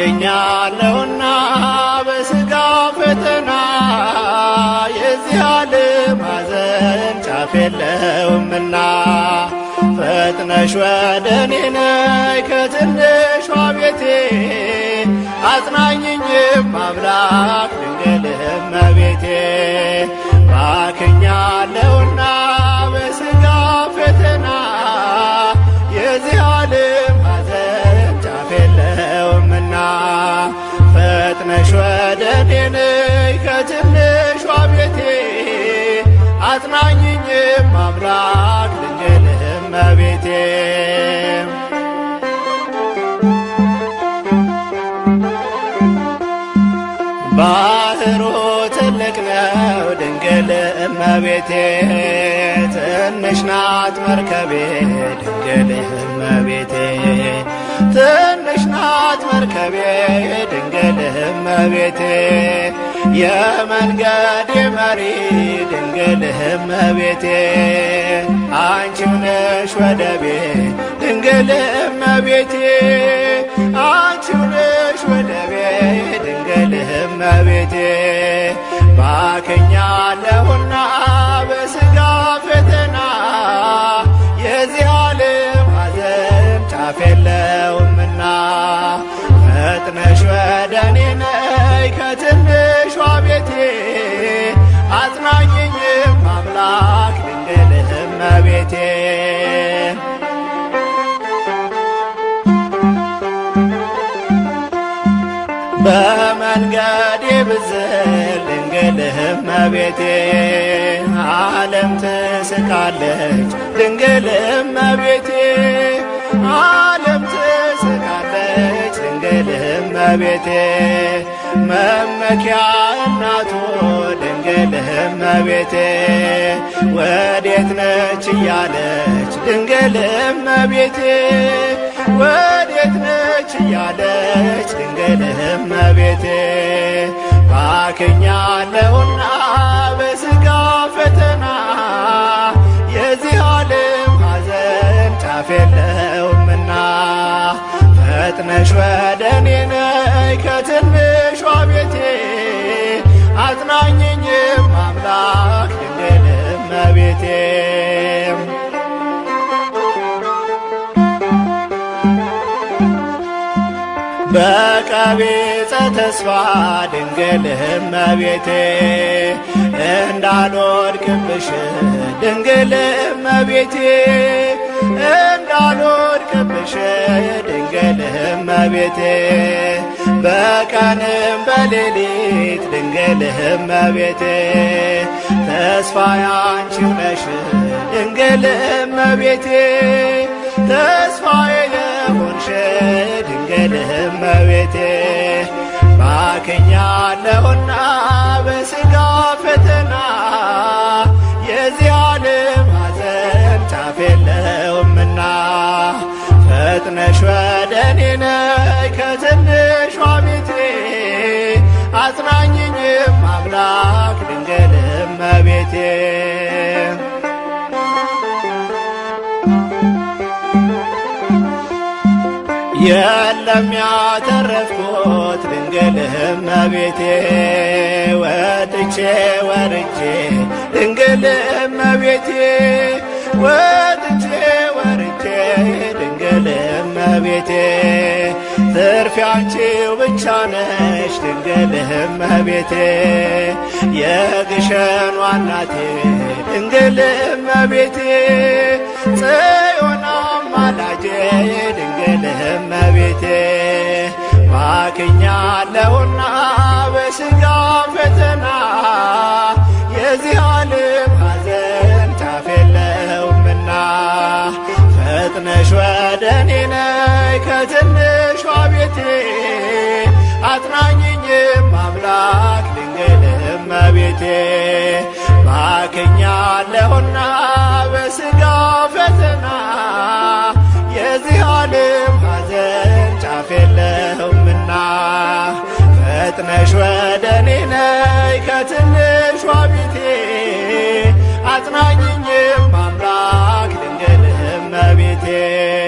አድከኛለሁና በስጋ ፈተና የዚህ ዓለም ሐዘን ጫፍ የለውምና ፈጥነሽ ወደ እኔ ነይ ከትንሿ ቤቴ አጽናኝኝም አምላክ ድንግል እመቤቴ ባክኛል አጽናኝኝ አምላክ ልንገልህ እመቤቴ ባህሩ ትልቅ ነው ድንግል እመቤቴ ትንሽ ናት መርከቤ ድንግል እመቤቴ ትንሽ ናት መርከቤ ድንግል እመቤቴ የመንገድ መሪ ድንግልህ እመቤቴ አንቺው ነሽ ወደቤ ድንግልህ እመቤቴ አንቺው ነሽ ወደቤ ድንግልህ እመቤቴ ባክኛለሁና በስጋ ፍት አጽናኝኝም አምላክ ድንግልህም መቤቴ በመንገዴ ብዝል ድንግልህም መቤቴ ዓለም ትስቃለች ድንግልህም መቤቴ ዓለም ትስቃለች ድንግልህም መቤቴ መመኪያ እናቱ ድንግል እመቤቴ ወዴት ነች እያለች ድንግል እመቤቴ ወዴት ነች እያለች ድንግል እመቤቴ ባክኛለሁና ድንግል እመቤቴ በቀቢጸ ተስፋ ድንግል እመቤቴ እንዳልወድቅብሽ ድንግል እመቤቴ እንዳልወድቅብሽ ድንግል እመቤቴ በቀንም በሌሊት ድንግል እመቤቴ ተስፋ ያንቺው ነሽ ድንግል እመቤቴ ተስፋዬ የሆንሽ ድንግል እመቤቴ ባክኛለሁና በሥጋ ፈተና የዚህ ዓለም ሐዘን ጫፍ የለውምና ፈጥነሽ ወደ እኔ ነይ ከትን የለም ያተረፍኩት ድንግል እመቤቴ ወጥቼ ወርጄ ድንግል እመቤቴ ወጥቼ ወርጄ ድንግል እመቤቴ ትርፊያንቺው ብቻ ነሽ ድንግል እመቤቴ የግሸን ዋናቴ ድንግል እመቤቴ ጽዮን አማላጄ ድንግል ፊት ማክኛለሁና በስጋ ፈተና የዚህ ዓለም ሐዘን ታፍ የለውምና ፈጥነሽ ወደ እኔ ነይ ከትንሿ ቤቴ አጽናኝኝም አምላክ ድንግል እመቤቴ ማክኛለሁና በስጋ ፈጥነሽ ወደኔ ነይ ከትንሿ ቤቴ አጽናኝኝም አምላክ ድንግል እመቤቴ